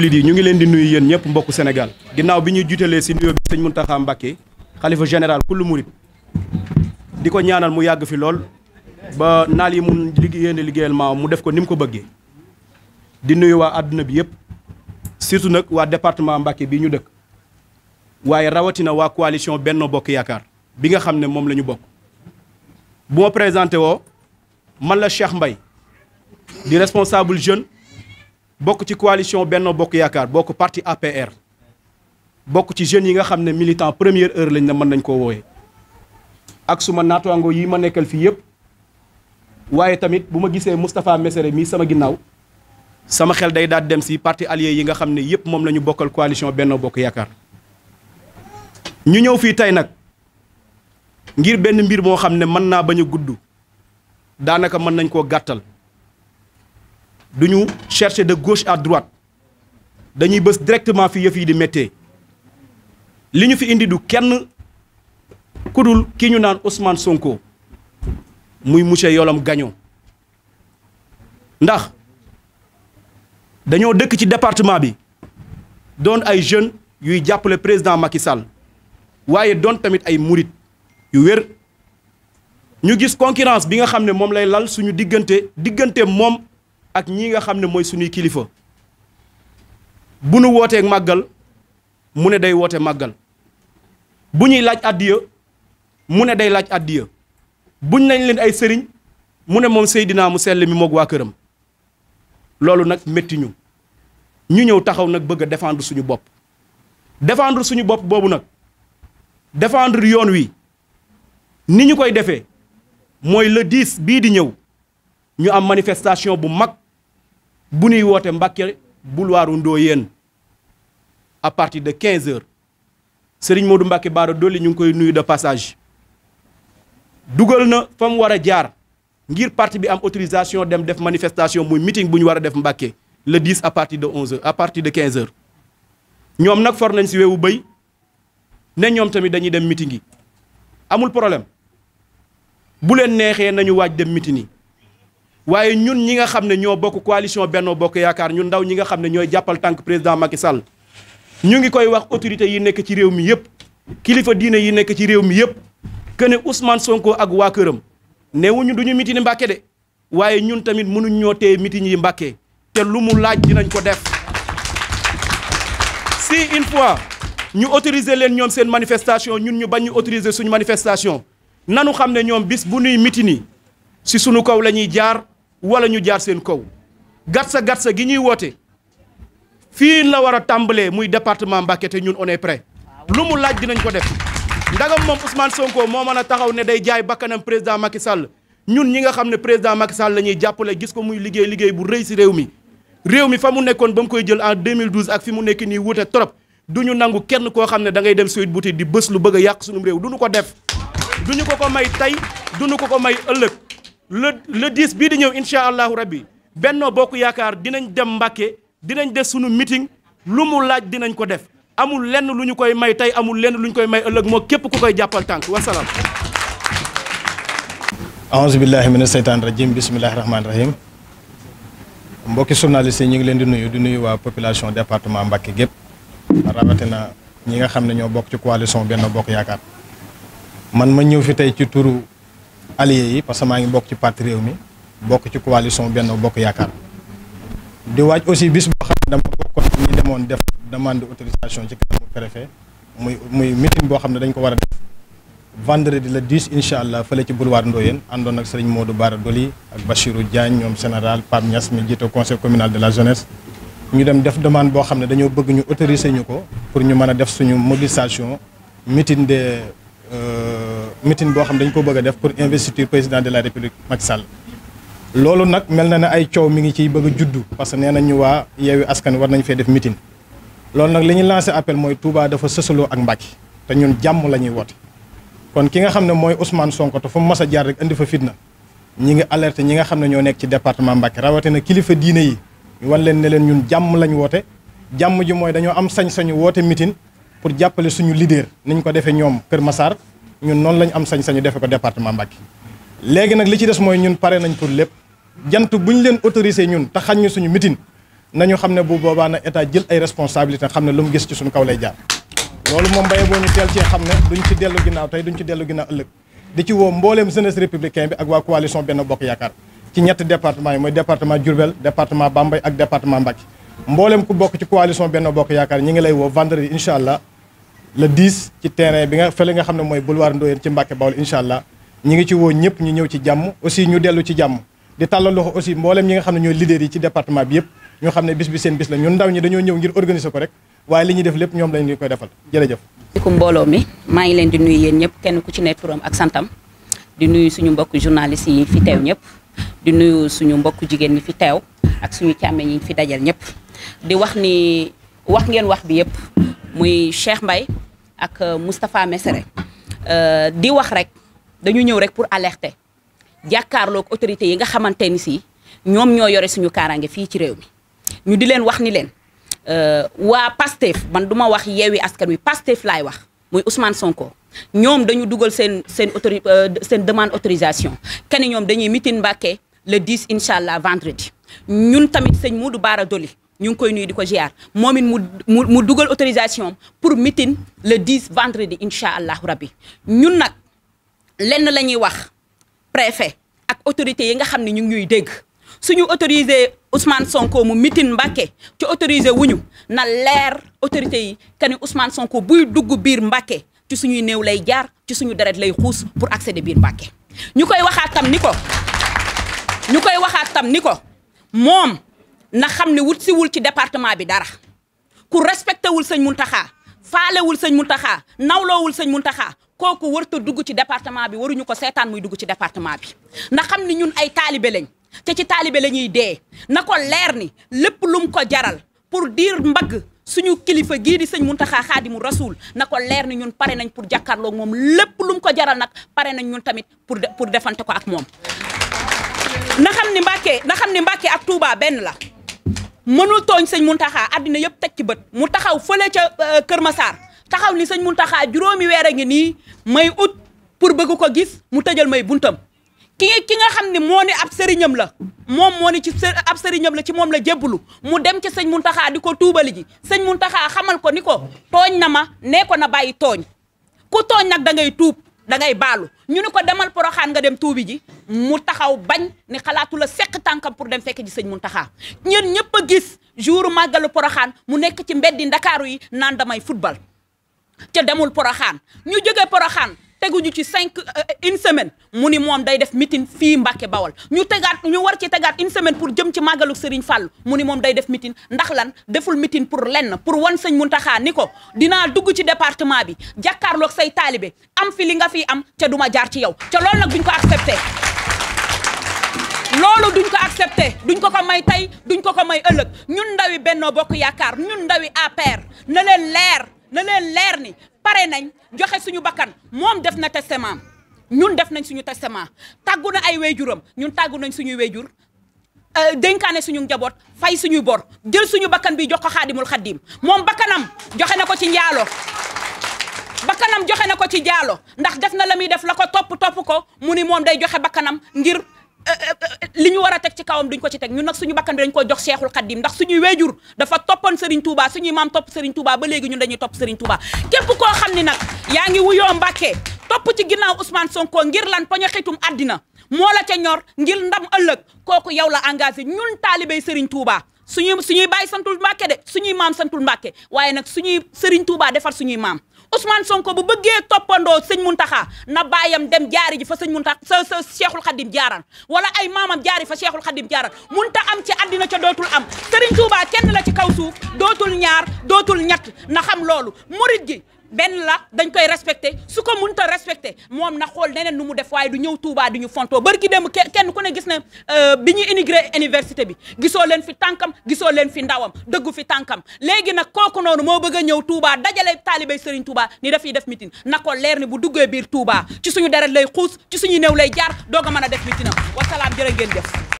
jullit yi ñu ngi leen di nuyu yéen ñëpp mbokku Sénégal ginnaaw bi ñuy jiitalee si nuyoo bi sëñ Mountakha Mbacké xalifa général kullu murit di ko ñaanal mu yàgg fi lool ba naal yi mu liggéeyee ne liggéeyal maam mu def ko ni mu ko bëggee di nuyu waa àdduna bi yëpp surtout nag waa département Mbacké bi ñu dëkk waaye rawatina waa coalition benn Bokk Yaakaar bi nga xam ne moom la ñu bokk bu ma présenté woo man la Cheikh mbay di responsable jeune bokk ci coalition Benno Bokk Yaakaar boo ko parti APR bokk ci jeunes yi nga xam ne militant première heure lañ ne mën nañ koo wooyee ak suma naataango yi ma nekkal fii yëpp waaye tamit bu ma gisee Moustapha Messere mii sama ginnaaw sama xel day daal dem si parti allié yi nga xam ne yëpp moom lañu ñu bokkal coalition Benno Bokk Yaakaar ñu ñëw fii tey nag ngir benn mbir moo xam ne mën naa bañ a gudd daanaka mën nañ koo gàttal du ñu chercher de gauche à droite dañuy bës directement fi yëf yi di méttee li ñu fi indi du kenn kudul ki ñu naan Ousmane Sonko muy monsieur Yolom Gagnon ndax dañoo dëkk ci département bi doon ay jeunes yuy jàppale président Macky Sall waaye doon tamit ay murit yu wér ñu gis concurrence bi nga xam ne moom lay lal suñu diggante diggante moom ak ñi nga xam ne mooy suñuy kilifa bu nu wootee màggal mu ne day woote màggal bu ñuy laaj àddiya mu ne day laaj àddiya buñ nañ leen ay sëriñ mu ne moom Seydina mu sell mi moog waa këram loolu nag métti ñu ñu ñëw taxaw nag bëgg a défendre suñu bopp défendre suñu bopp boobu nag défendre yoon wi ni ñu koy defee mooy le 10 bii di ñëw ñu am manifestation bu mag bu ñuy woote Mbàkke boulevard Ndoyeen à partir de 15 heures Serigne Modou Mbàkke Bara Dolly ñu ngi koy nuyu de passage dugal na fa mu war a jaar ngir parti bi am autorisation dem def manifestation muy meeting bu ñu war a def Mbàkke le 10 à partir de 11 heures à partir de 15 heures ñoom nag for nañ si weewu bay ne ñoom tamit dañuy dem meeting amul problème bu leen neexee nañu waaj dem meeting waaye ñun ñi nga xam ne ñoo bokk coalition benn Bokk Yaakaar ñun ndaw ñi nga xam ne ñooy jàppal tànk président Macky Sall ñu ngi koy wax autorité yi nekk ci réew mi yëpp kilifa diine yi nekk ci réew mi yëpp que ne Ousmane Sonko ak waa këram newuñu du ñu mitini Mbàkke de waaye ñun tamit mënuñ ñoo téye mitini yi Mbàkke te lu mu laaj nañ ko def si une fois ñu autoriser leen ñoom seen manifestation ñun ñu bañ ñu autoriser suñu manifestation nanu xam ne ñoom bis bu nuy mitini si suñu kaw la ñuy jaar wala ñu jaar seen kaw gatsa gatsa gi ñuy woote fii na war a tàmbalee muy departement Mbacké ñun on est prêt lu mu laaj dinañ ko def ndagam moom Ousmane Sonko moo mën a taxaw ne day jaay bakkanam président Macky Sall ñun ñi nga xam ne président Macky Sall la ñuy jàppale gis ko muy liggéey liggéey bu rëy si réew mi. réew mi fa mu nekkoon ba mu koy jël en 2012 ak fi mu nekk nii wuute trop du ñu nangu kenn koo xam ne da ngay dem Sweet Beauté di bës lu bëgg yàq sunu réew du ko def du may tey du ko ko may ëllëg. le diis bii di ñëw incha allahu rabbi Benno Bokk Yaakaar dinañ dem Mbàkke dinañ def sunu meeting lu mu laaj dinañ ko def amul lenn lu ñu koy may tey amul lenn lu ñu koy may ëllëg moo képp ku koy jàppal tànk wasalaam. aouzu billahi mina seytaani rajim bismillahi rahmaani rahim mbokki journaliste yi ñu ngi leen di nuyu di nuyu waa population département Mbàkke gépp rawatina ñi nga xam ne ñoo bokk ci coalition Benno Bokk Yaakaar man ma ñëw fi alliés yi parce que maa ngi bokk ci parti réew mi bokk ci coalition Benno Bokk Yaakaar di waaj aussi bis boo xam ne dama bokkoon ñi demoon def demande autorisation ci kanamu préfet muy muy meeting boo xam ne dañ ko war a def vendredi le 10 incha allah fële ci boulevard Ndoyeen àndoon ak sëriñ Modou Bara Doli ak Bachirou Diagne ñoom général Pape Niass mi jiite conseil communal de la jeunesse ñu dem def demande boo xam ne dañoo bëgg ñu autoriser ñu ko pour ñu mën a def suñu mobilisation meeting de. Euh, meeting boo xam dañ ko bëgg def pour investiture président de la république Macky Sall loolu nag mel na ne ay coow mi ngi ciy bëgg a juddu parce que nee nañu waa yeewi askan war nañ fee def meeting loolu nag li ñuy lancé appel mooy Touba dafa sësaloo ak Mbàkke te ñun jàmm la ñuy woote kon ki nga xam ne mooy Ousmane Sonko te fu mu mas a jaar rek indi fa fitna ñi ngi alerté ñi nga xam ne ñoo nekk ci département Mbàkke rawatina kilifa diine yi ñu wan leen ne leen ñun jàmm lañ woote jàmm ji mooy dañoo am sañ-sañu woote meeting pour jàppale suñu leader niñ ko defee ñoom Kër Massar ñun noonu lañ am sañ-sañu defe ko département Mbacké léegi nag li ci des mooy ñun pare nañ pour lépp jant buñ leen autorisé ñun te xañ ñu suñu mitin nañu xam ne bu boobaa na état jël ay responsabilité xam ne lu mu gis ci suñu kaw lay jaar loolu moom mbéye boo ñu teel cee xam ne duñ ci dellu ginnaaw tey duñ ci dellu ginnaaw ëllëg di ci woo mbooleem jeunesse républicain bi ak waa coalition benn bokk yaakaar ci ñetti département yi mooy département Diourbel département ak département Mbacké mbooleem ku bokk ci coalition benn bokk yaakaar ñi ngi lay woo vendredi incha allah le 10 ci terrain bi nga fële nga xam ne mooy boulevard Ndoyeen ci Mbàkke Bawol incha allah ñi ngi ci woo ñëpp ñu ñëw ci jàmm aussi ñu dellu ci jàmm di tàll loxo aussi mboolem ñi nga xam ne ñooy leader yi ci département bi yëpp ñoo xam ne bis bi seen bis la ñun ndaw ñi dañoo ñëw ngir organiser ko rek waaye li ñuy def lépp ñoom lañ ñu koy defal jërëjëf ku mbooloo mi maa ngi leen di nuyu yéen ñëpp kenn ku ci nekk turam ak santam di nuyu suñu mbokk journalistes yi fi teew ñëpp di nuyu suñu mbokk jigéen ñi fi teew ak suñu càmme ñi fi dajal ñëpp di wax ni wax ngeen wax bi yëpp muy Cheikh Mbaye ak euh, Moustapha Messere euh, di wax rek dañu ñëw rek pour alerter jàkkaarloog autorités yi nga xamante ni si ñoom ñoo yore suñu kaaraange fii ci réew mi ñu di leen wax ni leen euh, waa Pastef man du ma wax yeewi askan wi Pastef laay wax muy Ousmane Sonko ñoom dañu dugal seen seen autori seen demande autorisation kenn ñoom dañuy mitin Mbàkke le 10 incha allah vendredi ñun tamit sëñ Modou Bara Dolly ñu ngi koy nuyu di ko ziar moom it mu mu mu dugal autorisation pour meeting le 10 vendredi incha allahu rabbi ñun nag lenn la ñuy wax préfet ak autorités yi nga xam ni ñu ngi ñuy dégg suñu autorisé Ousmane Sonko mu meeting Mbacké ci autorisé wuñu na leer autorités yi que ni Ousmane Sonko buy dugg biir Mbacké ci suñuy néew lay jaar ci suñu deret lay xuus pour accéder biir Mbacké ñu koy waxaat tam ni ko ñu koy waxaat tam ni ko moom. na xam ne wut siwul ci département bi dara ku respecté wul sëñ Muntaxa faalewul sëñ Muntaxa nawloowul sëñ Muntaxa kooku warut a dugg ci département bi waruñu ko seetaan muy dugg ci département bi na xam ni ñun ay taalibe lañ te ci taalibe la ñuy dee na ko leer ni lépp lum ko jaral pour diir mbagg suñu kilifa gii di sëñ Muntaxa mu Rasuul na ko leer ni ñun pare nañ pour jàkkaarloog moom lépp lum ko jaral nag pare nañ ñun tamit pour pour defante ko ak moom. na xam xam ni Mbàkke ak Touba benn la. mënul tooñ sëñ Muntaxa àddina yëpp teg ci bët mu taxaw fële ca euh, Kër Masaar taxaw ni sëñ taxaa juróomi weer a ngi nii may ut pour bëgg ko gis mu tëjal may buntam ki ki nga xam ne moo ni ab sëriñam la moom moo ni ci ab sëriñam la ci moom la jébbalu mu dem ca sëñ taxaa di ko tuubali ji sëñ taxaa xamal ko ni ko tooñ na ma nee ko na bàyyi tooñ ku tooñ nag da ngay tuub da ngay baalu ñu ni ko demal poroxaan nga dem tuubi ji mu taxaw bañ ne xalaatula la seq tànkam pour dem fekk sañ mu Muntaxa ñeen ñëpp a gis jour màggalu xaan mu nekk ci mbeddi ndakaaru yi naan damay football ca demul poroxaan ñu jógee poroxaan teguñu ci cinq euh, une semaine mu ni moom day def meeting fii Mbàkke Bawal ñu tegaat ñu war ci tegaat une semaine pour jëm ci màggalu Serigne Fàllu mu ni moom day def meeting ndax lan deful meeting pour lenn pour wan sëñ Muntaxa ni ko dinaa dugg ci département bi jàkkaarloog say taalibe am fi li nga fi am ca duma jaar ci yow ca loolu nag buñ loolu duñ ko accepté duñ ko ko may tey duñ ko ko may ëllëg ñun ndawi Benno Bokk Yaakaar ñun ndawi APR na leen leer na leen leer ni pare nañ joxe suñu bakkan moom def na testament ñun def nañ suñu testament tàggu na ay wéyjuram ñun tàggu nañ suñuy wéyjur euh, dénkaane suñu njaboot fay suñuy bor jël suñu bakkan bi jox ko xaadimul xaddim moom bakkanam joxe na ko ci njaalo bakkanam joxe na ko ci njaalo ndax def na la muy def la ko topp topp ko mu ni moom day joxe bakkanam ngir li ñu war a teg ci kawam duñ ko ci teg ñun nag suñu bakkan bi dañ ko jox Cheikhul Khadim ndax suñuy weejur dafa toppoon Serigne Touba suñuy maam topp Serigne Touba ba léegi ñun dañuy topp Serigne Touba képp koo xam ni nag yaa ngi wuyoo Mbàkke topp ci ginnaaw Ousmane Sonko ngir lan poña xitum àddina moo la ca ñor ngir ndam ëllëg kooku yow la engagé ñun taalibey Serigne Touba suñuy suñuy bàyyi santul Mbàkke de suñuy maam santul Mbàkke waaye nag suñuy Serigne Touba defar suñuy maam Ousmane Sonko bu bëggee toppandoo sëñ taxa na baayam dem jaari ji fa sëñ Muntaxa sa sa Cheikhul Khadim jaaran wala ay maamam jaari fa Cheikhul Khadim jaaran munta am ci àddina ca dootul am Serigne Touba kenn la ci kaw suuf dootul ñaar dootul ñett na xam loolu murit gi benn la dañ koy respecté su ko mënut a respecté moom na xool neneen nu mu def waaye du ñëw Touba du ñu fontoo bari ki dem kenn ku ne gis na euh, bi ñu immigré université bi gisoo leen fi tànkam gisoo leen fi ndawam dëggu fi tànkam léegi nag kooku noonu moo bëgg a ñëw Touba dajale taalibey Serigne Touba ni dafiy def mitin na ko leer ni bu duggee biir Touba ci suñu deret lay xuus ci suñu néew lay jaar doo a mën a def mitinam wasalaam jërë ngeen jëf